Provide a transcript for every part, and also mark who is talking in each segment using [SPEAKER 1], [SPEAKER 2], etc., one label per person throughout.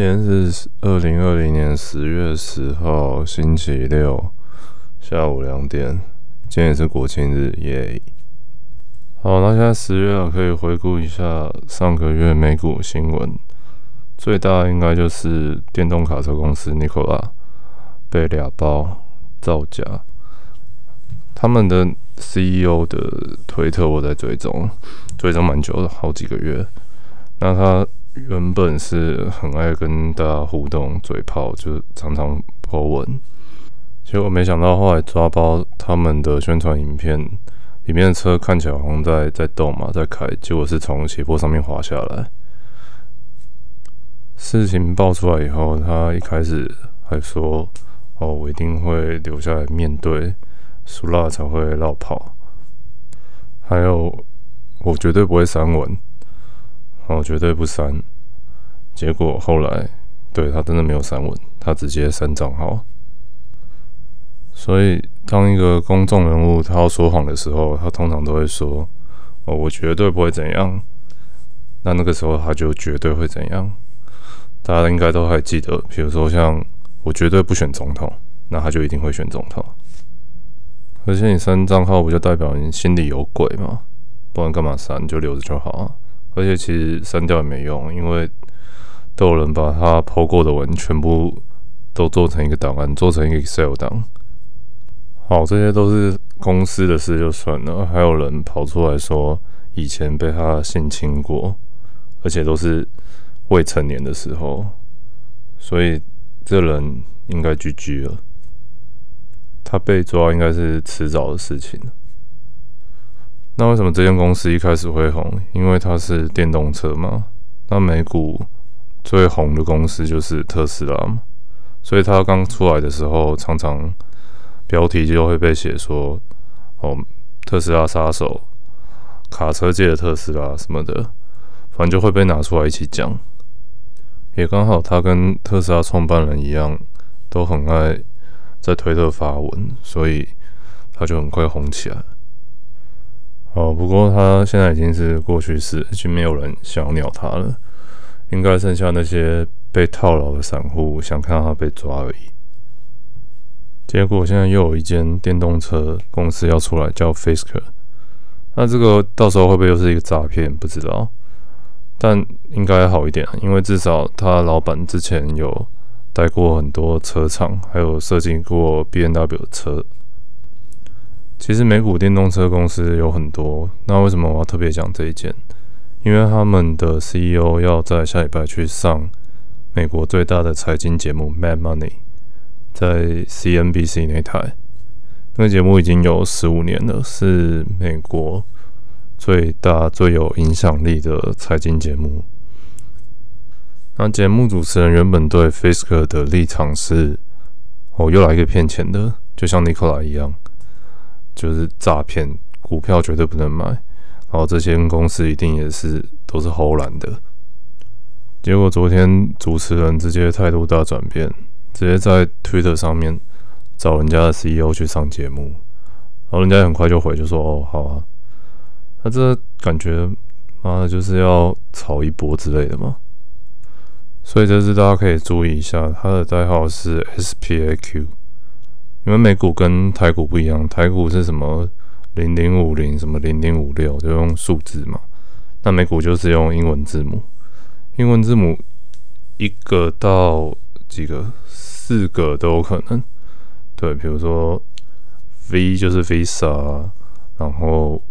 [SPEAKER 1] 今天是二零二零年十月十號，星期六下午兩點。今天也是國慶日，耶、yeah！好，那現在十月了，可以回顧一下上個月美股新聞。最大應該就是電動卡車公司 Nikola 被兩包造假。他們的 CEO 的推特我在追蹤，追蹤蠻久了，好幾個月。那他，原本是很愛跟大家互動、嘴炮，就常常 PO 文。結果沒想到後來抓包他們的宣傳影片，裡面的車看起來好像在在動嘛，在開，結果是從斜坡上面滑下來。事情爆出來以後，他一開始還說：“哦，我一定會留下來面對，輸啦才會落跑，還有我絕對不會刪文。”哦，絕對不刪。結果後來，對，他真的沒有刪文，他直接刪賬號所以，當一個公眾人物他要說謊的時候，他通常都會說：“哦，我絕對不會怎樣。”那那個時候他就絕對會怎樣。大家應該都還記得，譬如說像“我絕對不選總統”，那他就一定會選總統。而且你刪賬號，不就代表你心裡有鬼嗎？不然幹嘛刪？你就留着就好啊。而且其實刪掉也沒用，因為都有人把他 PO 過的文全部都做成一個檔案，做成一個 Excel 檔。好，這些都是公司的事就算了，還有人跑出來說以前被他性侵過，而且都是未成年的時候，所以這人應該 GG 了。他被抓應該是遲早的事情。那為什麼這間公司一開始會紅？因為它是電動車嘛。那美股最紅的公司就是特斯拉嘛。所以它剛出來的時候，常常標題就會被寫說“哦，特斯拉殺手，卡車界的特斯拉”什麼的，反正就會被拿出來一起講。也剛好他跟特斯拉創辦人一樣，都很愛在推特發文，所以他就很快紅起來。哦，不過他現在已經是過去式，已經沒有人想要鳥他了。應該剩下那些被套牢的散戶想看他被抓而已。結果現在又有一間電動車公司要出來，叫 f i s k e，那這個到時候會不會又是一個詐騙？不知道。但應該好一點，因為至少他老板之前有帶過很多車廠，還有設計過 BMW 的車。其實美股電動車公司有很多，那為什麼我要特別講這一件？因為他們的 CEO 要在下禮拜去上美國最大的財經節目《Mad Money》，在 CNBC 那台。那個節目已經有十五年了，是美國最大最有影響力的財經節目。那節目主持人原本對 Fisker 的立場是：哦，又來一個騙錢的，就像 Nikola 一樣。就是詐騙，股票絕對不能買。然後這些公司一定也是都是唬爛的。結果昨天主持人直接態度大轉變，直接在 Twitter 上面找人家的 CEO 去上節目。然後人家很快就回，就說：“哦，好啊。”啊，那這感覺，媽的，就是要炒一波之類的嘛？所以這次大家可以注意一下，它的代號是 SPAQ。因為美股跟台股不一樣，台股是什麼零零五零，什麼零零五六，就用數字嘛。那美股就是用英文字母，英文字母一個到幾個，四個都有可能。對，比如說 V 就是 Visa，然後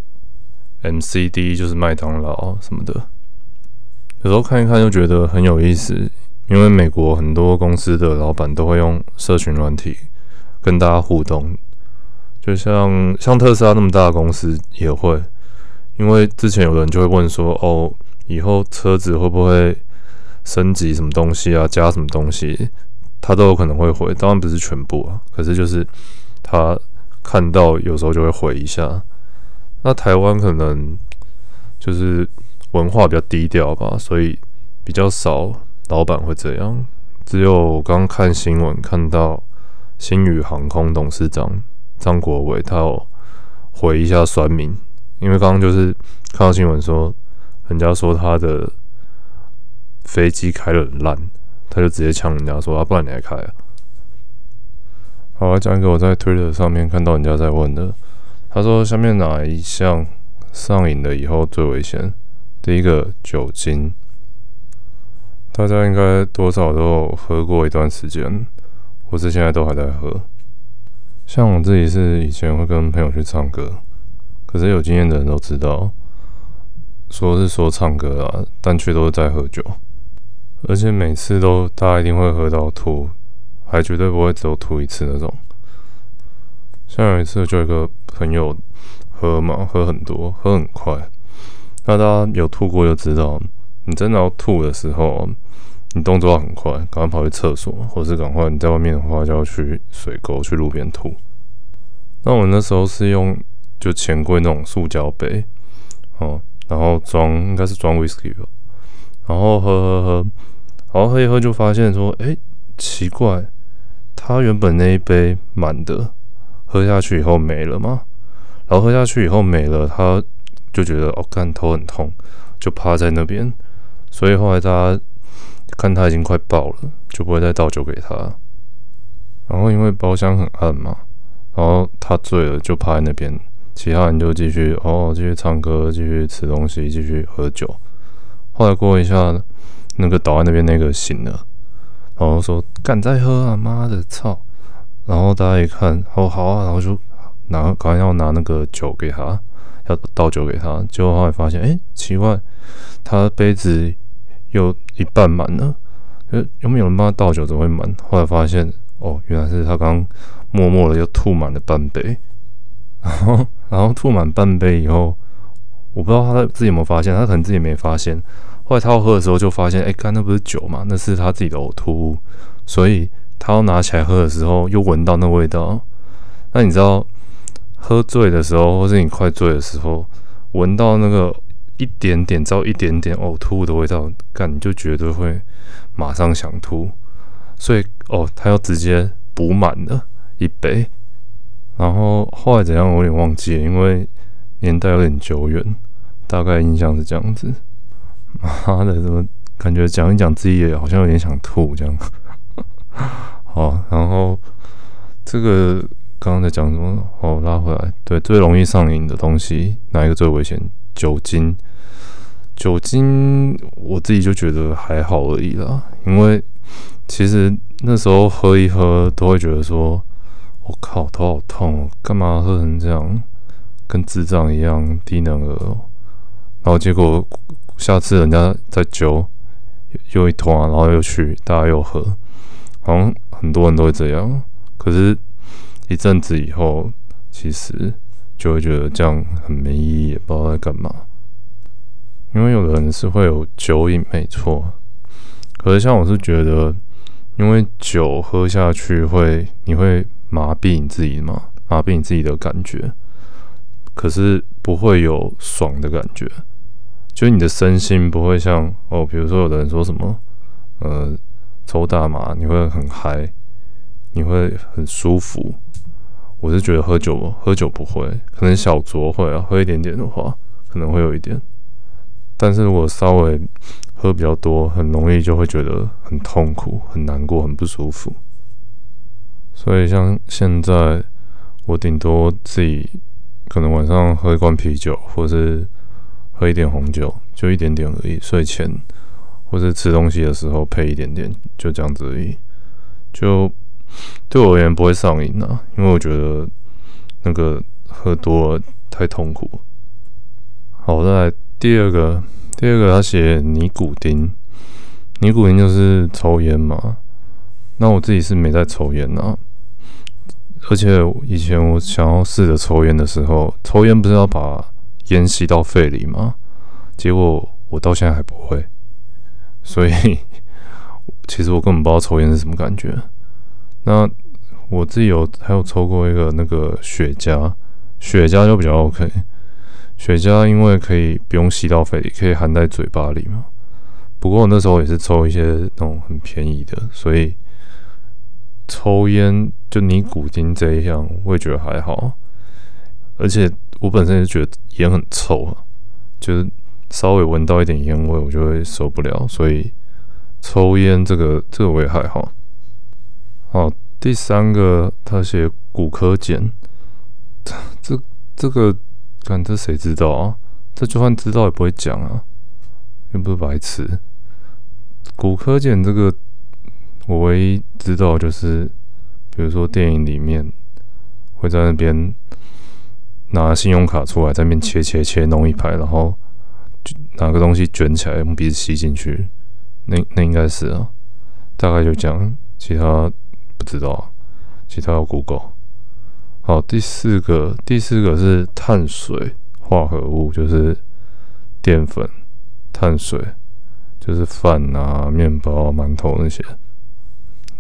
[SPEAKER 1] MCD 就是麥當勞什麼的。有時候看一看就覺得很有意思，因為美國很多公司的老闆都會用社群軟體。跟大家互動，就像像特斯拉那麼大的公司也會，因為之前有人就會問說，哦，以後車子會不會升級什麼東西啊，加什麼東西，他都有可能會回，當然不是全部啊，可是就是他看到有時候就會回一下。那台灣可能就是文化比較低調吧，所以比較少老板會這樣，只有剛看新聞看到。星宇航空董事長張國偉，他有回一下酸民，因為剛剛就是看到新聞說，人家說他的飛機開得很爛，他就直接嗆人家說啊，不然你還開啊？好，講一個我在 Twitter 上面看到人家在問的，他說下面哪一項上癮了以後最危險？第一個酒精，大家應該多少都有喝過一段時間。我是現在都還在喝，像我自己是以前會跟朋友去唱歌，可是有經驗的人都知道，說是說唱歌啊，但卻都是在喝酒，而且每次都大家一定會喝到吐，還絕對不會只有吐一次那種。像有一次就有一個朋友喝嘛，喝很多，喝很快，那大家有吐過就知道，你真的要吐的時候，你動作很快，趕快跑去廁所，或者是趕快你在外面的話，就要去水溝、去路邊吐。那我們那時候是用就錢櫃那種塑膠杯，哦，然後裝應該是裝 whisky 吧，然後喝喝喝，然後喝一喝就發現說，誒、欸，奇怪，他原本那一杯滿的，喝下去以後沒了嗎？然後喝下去以後沒了，他就覺得，哦，幹，頭很痛，就趴在那邊，所以後來大家。看他已經快爆了，就不會再倒酒給他。然後因為包廂很暗嘛，然後他醉了就趴在那邊，其他人就繼續哦，繼續唱歌，繼續吃東西，繼續喝酒。後來過一下，那個倒在那邊那個醒了，然後說敢再喝啊媽的操！然後大家一看，哦，好啊，然後就拿剛要拿那個酒給他，要倒酒給他，結果後來發現，哎、欸，奇怪，他杯子。又一半滿了，有沒有人幫他倒酒？怎麼會滿？後來發現，哦，原來是他剛默默的又吐滿了半杯，然後，然後吐滿半杯以後，我不知道他自己有沒有發現，他可能自己沒發現。後來他要喝的時候就發現，哎、欸，剛那不是酒嘛，那是他自己的嘔吐物。所以他要拿起來喝的時候，又聞到那味道。那你知道，喝醉的時候，或是你快醉的時候，聞到那個。一點點，只要一點點嘔、哦、吐的味道，幹你就絕對會馬上想吐，所以哦，他要直接補滿了一杯，然後後來怎樣，我有點忘記了，因為年代有點久遠，大概印象是這樣子。媽的，怎麼感覺講一講自己也好像有點想吐這樣？ 好，然後這個剛剛在講什麼？哦，拉回來，對，最容易上癮的東西哪一個最危險？酒精，酒精，我自己就覺得還好而已啦，因為其實那時候喝一喝都會覺得說，我靠，頭好痛哦，幹嘛喝成這樣，跟智障一樣低能兒、哦。然後結果下次人家再揪又一桶啊，然後又去大家又喝，好像很多人都會這樣。可是一陣子以後，其實。就會覺得這樣很沒意義，也不知道在幹嘛。因為有人是會有酒癮，沒錯。可是像我是覺得，因為酒喝下去會，你會麻痹你自己嘛，麻痹你自己的感覺。可是不會有爽的感覺，就是你的身心不會像哦，比如說有的人說什麼，呃，抽大麻，你會很嗨，你會很舒服。我是覺得喝酒，喝酒不會，可能小酌會啊，喝一點點的話可能會有一點，但是如果稍微喝比較多，很容易就會覺得很痛苦、很難過、很不舒服。所以像現在我頂多自己可能晚上喝一罐啤酒，或者是喝一點紅酒，就一點點而已，睡前或是吃東西的時候配一點點，就這樣子而已，就。對我而言不會上癮啊，因為我覺得那個喝多了太痛苦。好，再來第二個，第二個他寫尼古丁，尼古丁就是抽煙嘛。那我自己是沒在抽煙啊，而且以前我想要試着抽煙的時候，抽煙不是要把煙吸到肺裡嗎？結果我到現在還不會，所以其實我根本不知道抽煙是什麼感覺。那我自己有還有抽過一個那個雪茄，雪茄就比較 OK。雪茄因為可以不用吸到肺，可以含在嘴巴裡嘛。不過我那時候也是抽一些那種很便宜的，所以抽菸就尼古丁這一項我也覺得還好。而且我本身就覺得菸很臭啊，就是稍微聞到一點菸味我就會受不了，所以抽菸這個這個我也還好。哦，第三個他寫古柯鹼，這這這個看這誰知道啊？這就算知道也不會講啊，又不是白痴。古柯鹼這個，我唯一知道就是，比如說電影裡面會在那邊拿信用卡出來，在那邊切切切弄一排，然後就拿個東西捲起來用鼻子吸進去，那那應該是啊，大概就講其他。不知道，其他要 Google。好，第四個，第四個是碳水化合物，就是澱粉、碳水，就是飯啊、麵包、饅頭那些。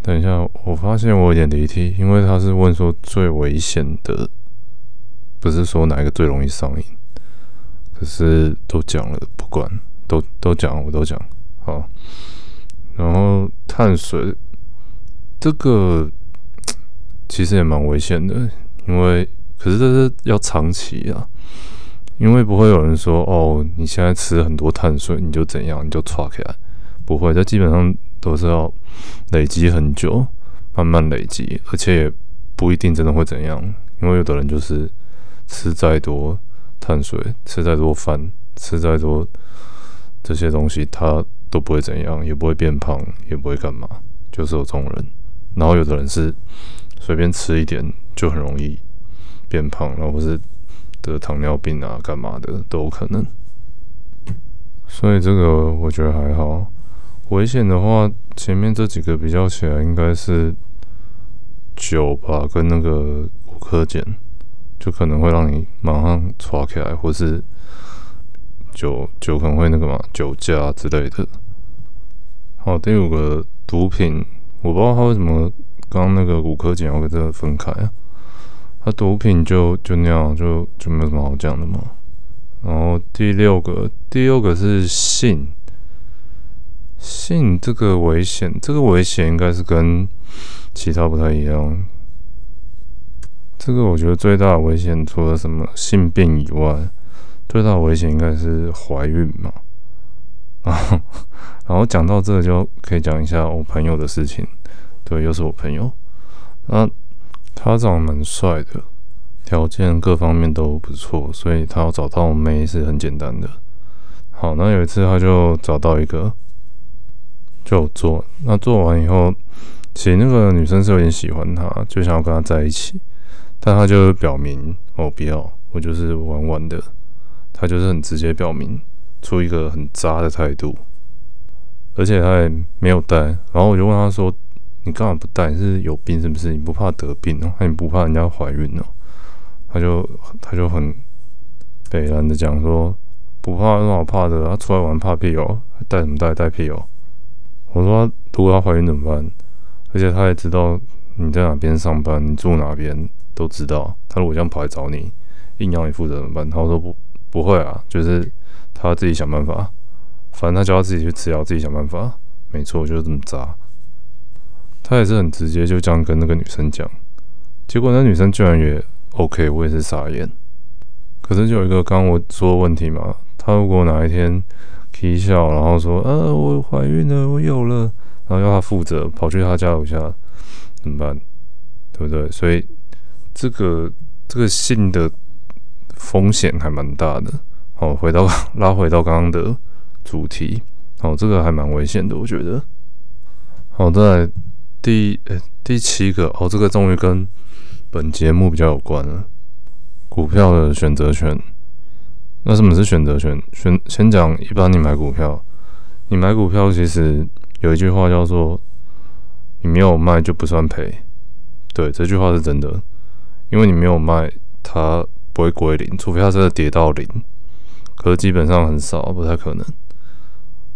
[SPEAKER 1] 等一下，我發現我有點離題，因為他是問說最危險的，不是說哪一個最容易上癮，可是都講了，不管都都講，我都講。好，然後碳水。這個其實也蠻危險的，因為可是這是要長期啊，因為不會有人說哦，你現在吃很多碳水，你就怎樣，你就喘起來，不會，這基本上都是要累積很久，慢慢累積，而且也不一定真的會怎樣，因為有的人就是吃再多碳水，吃再多飯，吃再多這些東西，他都不會怎樣，也不會變胖，也不會幹嘛，就是有這種人。然後有的人是隨便吃一點就很容易變胖，然後是得糖尿病啊、幹嘛的都有可能。所以這個我覺得還好，危險的話前面這幾個比較起來應該是酒吧，跟那個古柯鹼，就可能會讓你馬上抓起來，或是酒酒可能會那個嘛酒駕之類的。好，第五個毒品。我不知道他為什麼剛那個骨科檢查要跟這個分開啊？他毒品就就那樣，就就，就沒什麼好講的嘛，然後第六個，第六個是性，性這個危險，這個危險應該是跟其他不太一樣。這個我覺得最大的危險除了什麼性病以外，最大的危險應該是懷孕嘛。 然後講到這個，就可以講一下我朋友的事情。對，又是我朋友。那他長得蠻帥的，條件各方面都不錯，所以他要找到我妹是很簡單的。好，那有一次他就找到一個，就做。那做完以後，其實那個女生是有點喜歡他，就想要跟他在一起，但他就表明：“哦，不要，我就是玩玩的。”他就是很直接表明。出一個很渣的態度，而且他也沒有帶。然後我就問他說：“你幹嘛不帶？你是有病是不是？你不怕得病哦？那你不怕人家懷孕哦、啊？”他就他就很北爛的講說：“不怕，那有什麼好怕的？他出來玩怕屁哦，帶什麼帶？帶屁哦！”我說：“如果他懷孕怎麼辦？而且他也知道你在哪邊上班，你住哪邊都知道。他如果這樣跑來找你，硬要你負責怎麼辦？”他說：“不不會啊，就是。”他自己想辦法，反正他叫他自己去吃藥，自己想辦法。沒錯，就是這麼渣。他也是很直接，就這樣跟那個女生講。結果那女生居然也 OK，我也是傻眼。可是就有一個剛剛我說的問題嘛，他如果哪一天起笑，然後說：“呃、啊，我懷孕了，我有了。”然後要他負責，跑去他家樓下怎麼辦？對不對？所以這個這個性的風險還蠻大的。好，回到拉回到剛剛的主題。好，這個還蠻危險的，我覺得。好，再來第呃、欸，第七個。哦，這個終於跟本節目比較有關了——股票的選擇權。那什麼是選擇權？選先講，一般你買股票，你買股票其實有一句話叫做“你沒有賣就不算賠”，對，這句話是真的，因為你沒有賣，它不會歸零，除非它真的跌到零。可是基本上很少，不太可能。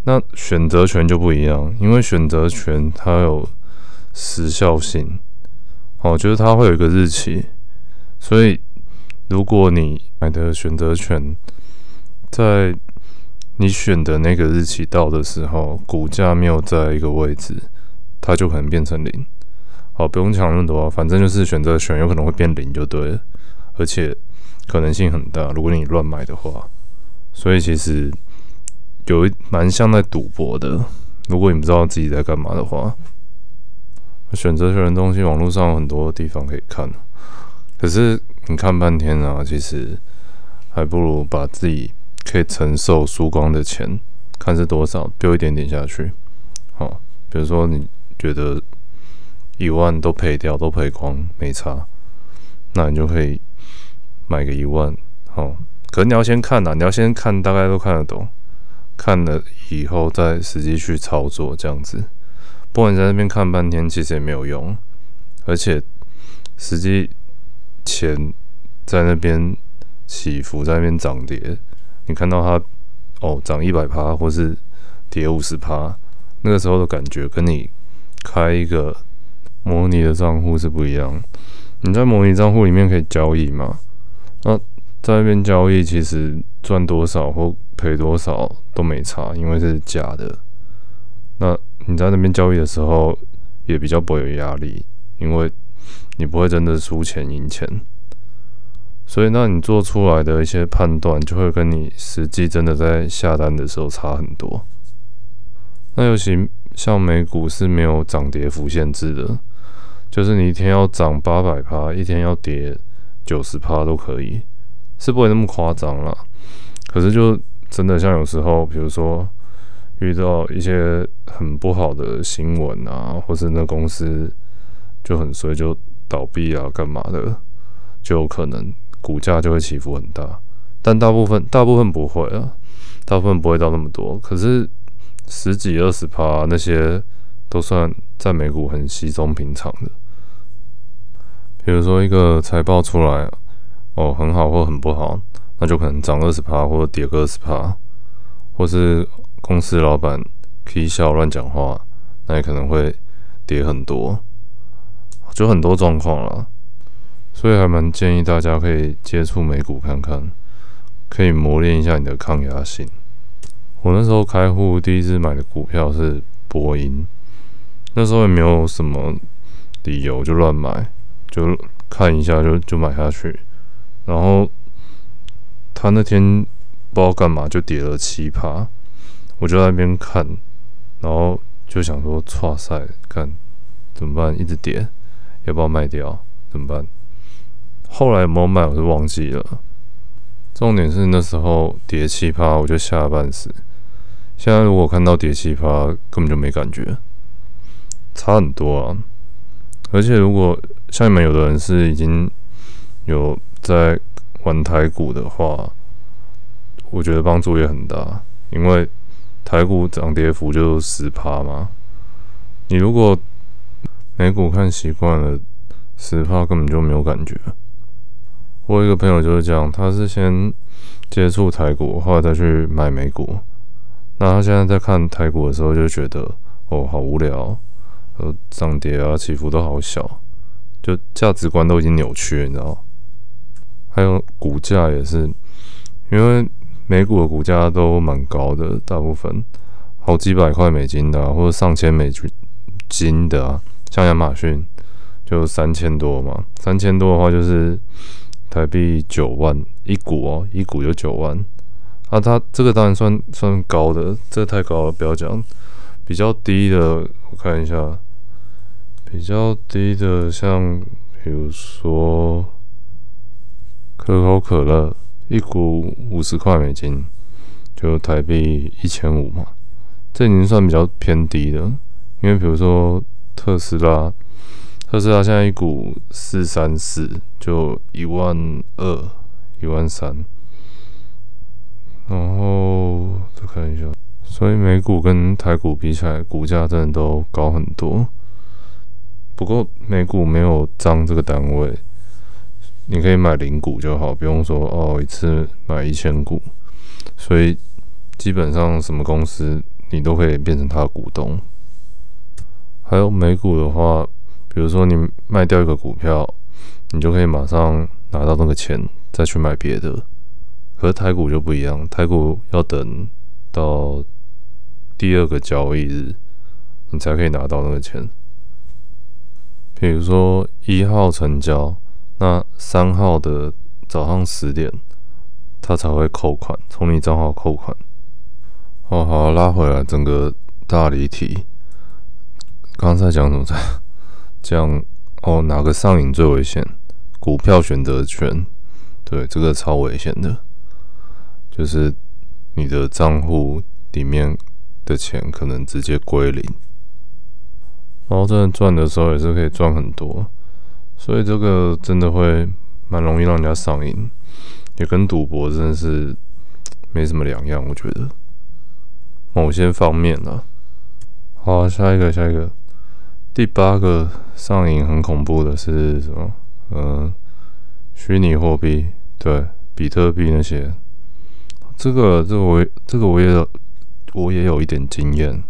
[SPEAKER 1] 那選擇權就不一樣，因為選擇權它有時效性，哦，就是它會有一個日期。所以，如果你買的選擇權，在你選的那個日期到的時候，股價沒有在一個位置，它就可能變成零。好，不用講那麼多啊，反正就是選擇權有可能會變零就對了，而且可能性很大。如果你亂買的話。所以其實有一蠻像在賭博的。如果你不知道自己在幹嘛的話，選擇這種東西，網絡上有很多的地方可以看。可是你看半天啊，其實還不如把自己可以承受輸光的錢看是多少，丟一點點下去。好、哦，比如說你覺得一萬都賠掉，都賠光沒差，那你就可以買個一萬。好、哦。可能你要先看吶、啊，你要先看大概都看得懂，看了以後再實際去操作這樣子，不然你在那邊看半天其實也沒有用，而且實際錢在那邊起伏，在那邊漲跌，你看到它，哦漲一百趴或是跌五十趴，那個時候的感覺跟你開一個模擬的賬戶是不一樣，你在模擬賬戶裡面可以交易嗎？在那邊交易，其實賺多少或賠多少都沒差，因為是假的。那你在那邊交易的時候，也比較不會有壓力，因為你不會真的輸錢贏錢。所以，那你做出來的一些判斷，就會跟你實際真的在下單的時候差很多。那尤其像美股是沒有漲跌幅限制的，就是你一天要漲八百趴，一天要跌九十趴都可以。是不會那麼誇張啦，可是就真的像有時候，比如說遇到一些很不好的新聞啊，或是那公司就很衰就倒閉啊，幹嘛的，就有可能股價就會起伏很大。但大部分，大部分不會啊，大部分不會到那麼多。可是十幾二十趴啊，那些都算在美股很稀鬆平常的。比如說一個財報出來啊。哦，很好，或很不好，那就可能漲二十趴，或者跌個二十趴，或是公司老闆可以笑亂講話，那也可能會跌很多，就很多狀況啦。所以還蠻建議大家可以接觸美股看看，可以磨練一下你的抗壓性。我那時候開戶第一次買的股票是波音，那時候也沒有什麼理由就亂買，就看一下就就買下去。然後他那天不知道幹嘛，就跌了七趴，我就在那邊看，然後就想說：剉賽，看怎麼辦？一直跌，要不要賣掉？怎麼辦？後來有沒有賣，我都忘記了。重點是那時候跌七趴我就嚇半死。現在如果看到跌七趴根本就沒感覺，差很多啊。而且如果像你們有的人是已經有。在玩台股的話，我覺得幫助也很大，因為台股漲跌幅就十趴嘛。你如果美股看習慣了，十趴根本就沒有感覺。我有一個朋友就是這樣，他是先接觸台股，後來再去買美股。那他現在在看台股的時候就覺得，哦，好無聊、哦，呃，漲跌啊起伏都好小，就價值觀都已經扭曲了，你知道。還有股價也是，因為美股的股價都蠻高的，大部分好幾百塊美金的啊，或者上千美金的啊。像亞馬遜就三千多嘛，三千多的話就是台幣九萬一股哦喔，一股就九萬啊。它這個當然算算高的，這太高了，不要講。比較低的，我看一下，比較低的像比如說。可口可樂一股五十塊美金，就台幣一千五嘛，這已經算比較偏低的。因為比如說特斯拉，特斯拉現在一股四三四，就一萬二、一萬三。然後再看一下，所以美股跟台股比起來，股價真的都高很多。不過美股沒有漲這個單位。你可以買零股就好，不用說哦，一次買一千股。所以基本上什麼公司你都可以變成它股東。還有美股的話，比如說你賣掉一個股票，你就可以馬上拿到那個錢，再去買別的。可是台股就不一樣，台股要等到第二個交易日，你才可以拿到那個錢。比如說一號成交。那三號的早上十點，他才會扣款從你賬號扣款。哦、好好拉回來整個大離題。剛才講什麼在講？哦，哪個上癮最危險？股票選擇權，對這個超危險的，就是你的賬戶裡面的錢可能直接歸零。然後真的賺的時候也是可以賺很多。所以這個真的會蠻容易讓人家上癮，也跟賭博真的是沒什麼兩樣，我覺得某些方面呢、啊。好、啊，下一個，下一個，第八個上癮很恐怖的是什麼？嗯，虛擬貨幣，對，比特幣那些。這個，這個我，這個我也，我也有一點經驗。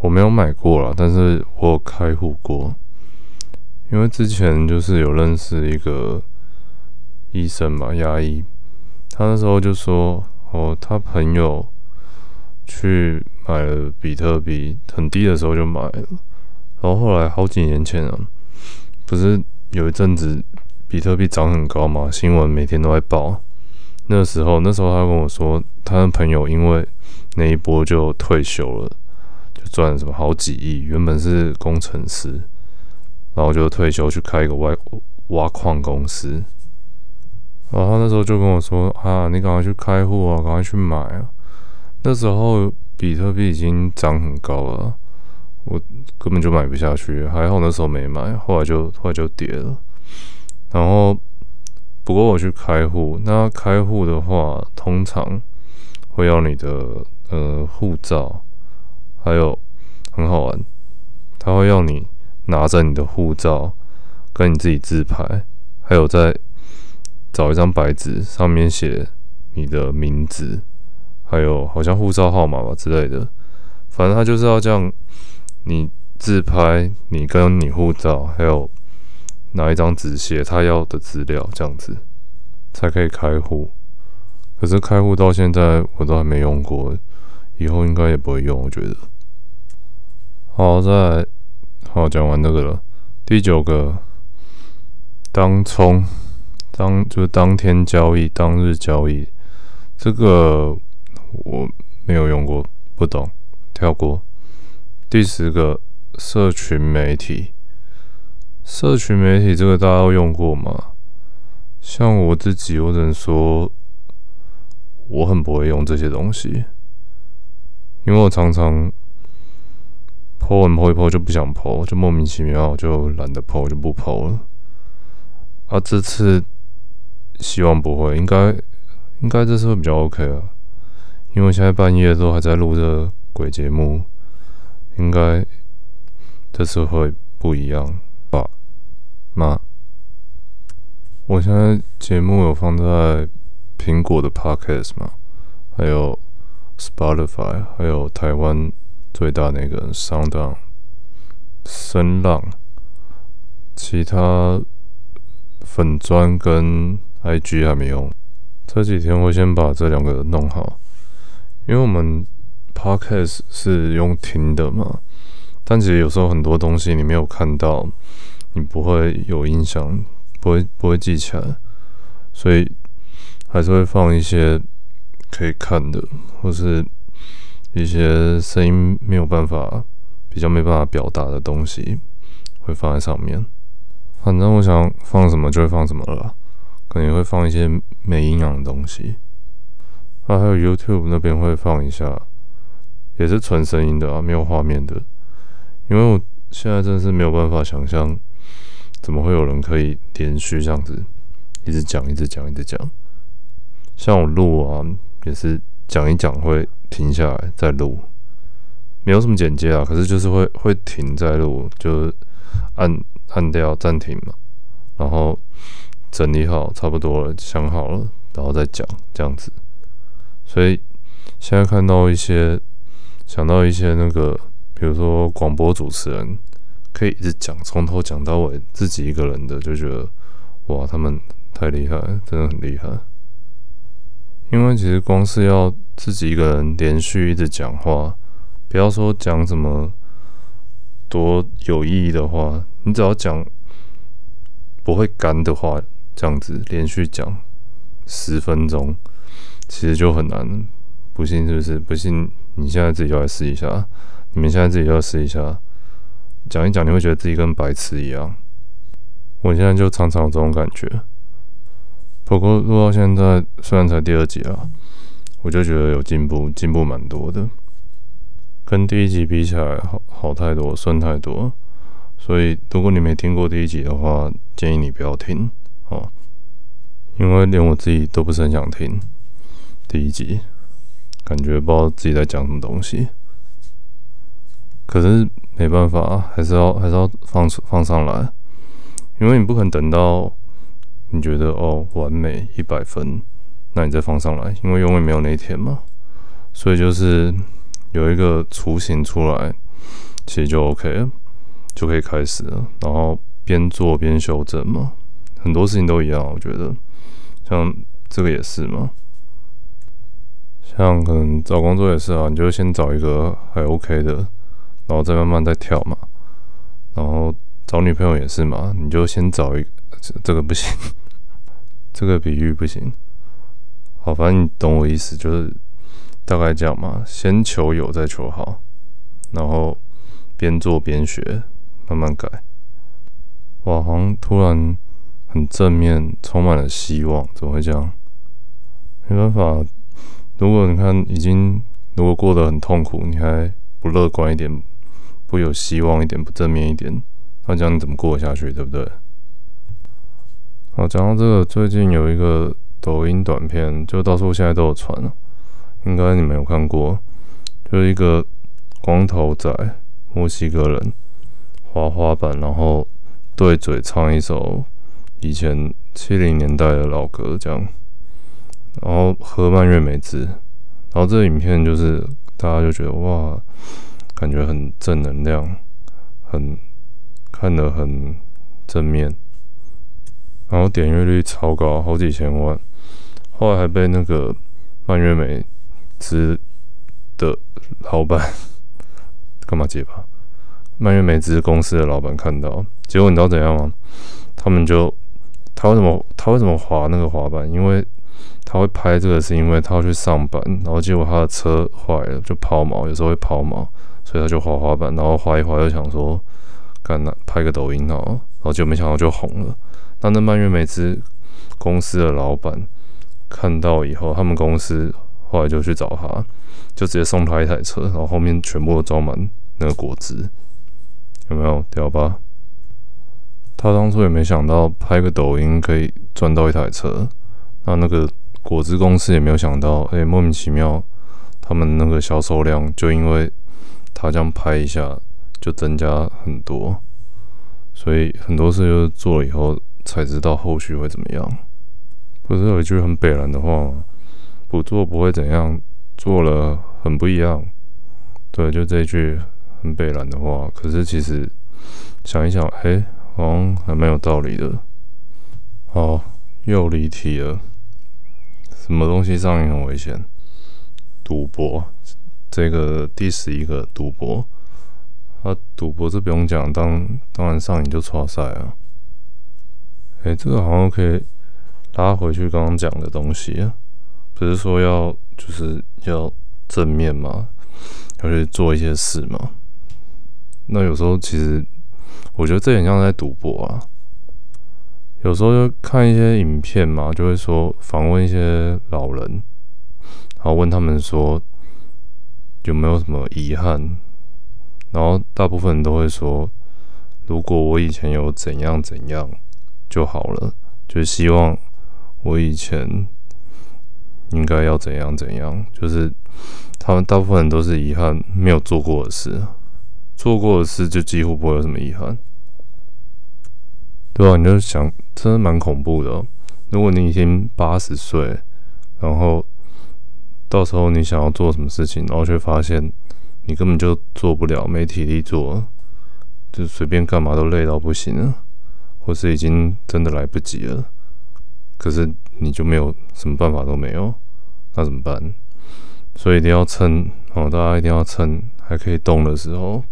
[SPEAKER 1] 我沒有買過啦，但是我有開戶過。因為之前就是有認識一個醫生嘛，牙醫，他那時候就說哦，他朋友去買了比特幣，很低的時候就買了，然後後來好幾年前啊，不是有一陣子比特幣漲很高嘛，新聞每天都在報，那時候那時候他跟我說，他的朋友因為那一波就退休了，就賺了什麼好幾億，原本是工程師。然後就退休去開一個挖挖礦公司，然後他那時候就跟我說啊，你趕快去開戶啊，趕快去買啊。那時候比特幣已經漲很高了，我根本就買不下去，還好那時候沒買。後來就後來就跌了。然後不過我去開戶，那開戶的話通常會要你的呃護照，還有很好玩，他會要你。拿着你的護照，跟你自己自拍，還有再找一張白紙，上面寫你的名字，還有好像護照號碼吧之類的。反正他就是要這樣，你自拍，你跟你護照，還有拿一張紙寫他要的資料，這樣子才可以開戶。可是開戶到現在我都還沒用過，以後應該也不會用，我覺得。好，再來。好，講完這個了。第九個，當沖，當就是當天交易，當日交易，這個我沒有用過，不懂，跳過。第十個，社群媒體，社群媒體這個大家都用過嗎？像我自己，我只能說我很不會用這些東西，因為我常常。播完播一播就不想播、e，就莫名其妙就懶得播，就、e，就不播、e、了。啊，這次希望不會，應該應該這次會比較 OK 啊，因為現在半夜都還在錄着鬼節目，應該這次會不一樣吧？那我現在節目有放在蘋果的 Podcast 嘛，還有 Spotify，還有台灣。最大那個 SoundOn，聲浪，其他粉專跟 IG 還沒用。這幾天我先把這兩個弄好，因為我們 podcast 是用聽的嘛。但其實有時候很多東西你沒有看到，你不會有印象，不會不會記起來，所以還是會放一些可以看的，或是。一些聲音沒有辦法、啊、比較沒辦法表達的東西，會放在上面。反正我想放什麼就會放什麼了、啊，可能會放一些沒營養的東西。啊，還有 YouTube 那邊會放一下，也是純聲音的啊，沒有畫面的。因為我現在真的是沒有辦法想象，怎麼會有人可以連續這樣子一直講、一直講、一直講。像我錄完、啊、也是講一講會。停下來再錄，沒有什麼剪接啊，可是就是會會停再錄，就按按掉暫停嘛，然後整理好差不多了，想好了然後再講這樣子，所以現在看到一些想到一些那個，比如說廣播主持人可以一直講從頭講到尾，自己一個人的就覺得哇他們太厲害，真的很厲害。因為其實光是要自己一個人連續一直講話，不要說講什麼多有意義的話，你只要講不會乾的話，這樣子連續講十分鐘，其實就很難。不信是不是？不信你現在自己就來試一下，你們現在自己就要試一下，講一講你會覺得自己跟白痴一樣。我現在就常常有這種感覺。不過錄到現在，雖然才第二集啊，我就覺得有進步，進步蠻多的，跟第一集比起來好，好好太多，順太多。所以如果你沒聽過第一集的話，建議你不要聽哦、啊，因為連我自己都不是很想聽第一集，感覺不知道自己在講什麼東西。可是沒辦法，還是要還是要放出放上來，因為你不可能等到。你覺得哦，完美一百分，那你再放上來，因為永遠沒有那一天嘛，所以就是有一個雛形出來，其實就 OK 了，就可以開始了。然後邊做邊修正嘛，很多事情都一樣，我覺得，像這個也是嘛，像可能找工作也是啊，你就先找一個還 OK 的，然後再慢慢再跳嘛。然後找女朋友也是嘛，你就先找一個。這個不行，這個比喻不行。好，反正你懂我意思，就是大概這樣嘛。先求有，再求好，然後邊做邊學，慢慢改。哇，好像突然很正面，充滿了希望，怎麼會這樣？沒辦法，如果你看已經，如果過得很痛苦，你還不樂觀一點，不有希望一點，不正面一點，那這樣你怎麼過下去？對不對？哦，講到這個，最近有一個抖音短片，就到處現在都有傳，應該你們有看過，就是一個光頭仔，墨西哥人滑滑板，然後對嘴唱一首以前七零年代的老歌，這樣，然後喝蔓越莓汁，然後這個影片就是大家就覺得哇，感覺很正能量，很看得很正面。然後點閱率超高，好幾千萬。後來還被那個蔓越莓汁的老闆幹嘛？結巴？蔓越莓汁公司的老闆看到，結果你知道怎樣嗎？他們就他為什麼他為什麼滑那個滑板？因為他會拍這個，是因為他要去上班。然後結果他的車壞了，就拋錨，有時候會拋錨，所以他就滑滑板。然後滑一滑，又想說幹哪拍個抖音好？然後結果沒想到就紅了。那那蔓越莓汁公司的老闆看到以後，他們公司後來就去找他，就直接送他一台車，然後後面全部都裝滿那個果汁，有沒有屌吧？他當初也沒想到拍個抖音可以賺到一台車，那那個果汁公司也沒有想到，哎、欸，莫名其妙，他們那個銷售量就因為他這樣拍一下就增加很多，所以很多事就做了以後，才知道後續會怎麼樣。不是有一句很北爛的話嗎？不做不會怎樣，做了很不一樣。對，就這句很北爛的話。可是其實想一想，哎、欸，好像還蠻有道理的。哦，又離題了。什麼東西上癮很危險？賭博。這個第十一個賭博。啊，賭博這不用講，當當然上癮就挫賽啊。哎，這個好像可以拉回去剛剛講的東西啊，不是說要就是要正面嘛，要去做一些事嘛。那有時候其實我覺得這也像在賭博啊。有時候就看一些影片嘛，就會說訪問一些老人，然後問他們說有沒有什麼遺憾，然後大部分人都會說，如果我以前有怎樣怎樣。就好了，就希望我以前應該要怎樣怎樣。就是他們大部分人都是遺憾沒有做過的事，做過的事就幾乎不會有什麼遺憾。對啊，你就想，真的蠻恐怖的。如果你已經八十歲，然後到時候你想要做什麼事情，然後卻發現你根本就做不了，沒體力做，就隨便幹嘛都累到不行啊。或是已經真的來不及了，可是你就沒有什麼辦法都沒有，那怎麼辦？所以一定要趁，哦，大家一定要趁還可以動的時候，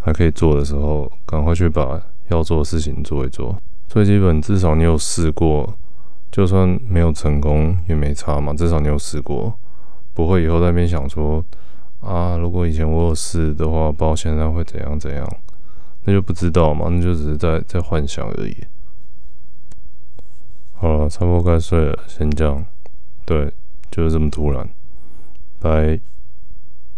[SPEAKER 1] 還可以做的時候，趕快去把要做的事情做一做。最基本，至少你有試過，就算沒有成功也沒差嘛，至少你有試過，不會以後在那邊想說啊，如果以前我有試的話，不知道現在會怎樣怎樣。那就不知道嘛，那就只是在在幻想而已。好了，差不多該睡了，先這樣。對，就是這麼突然。拜。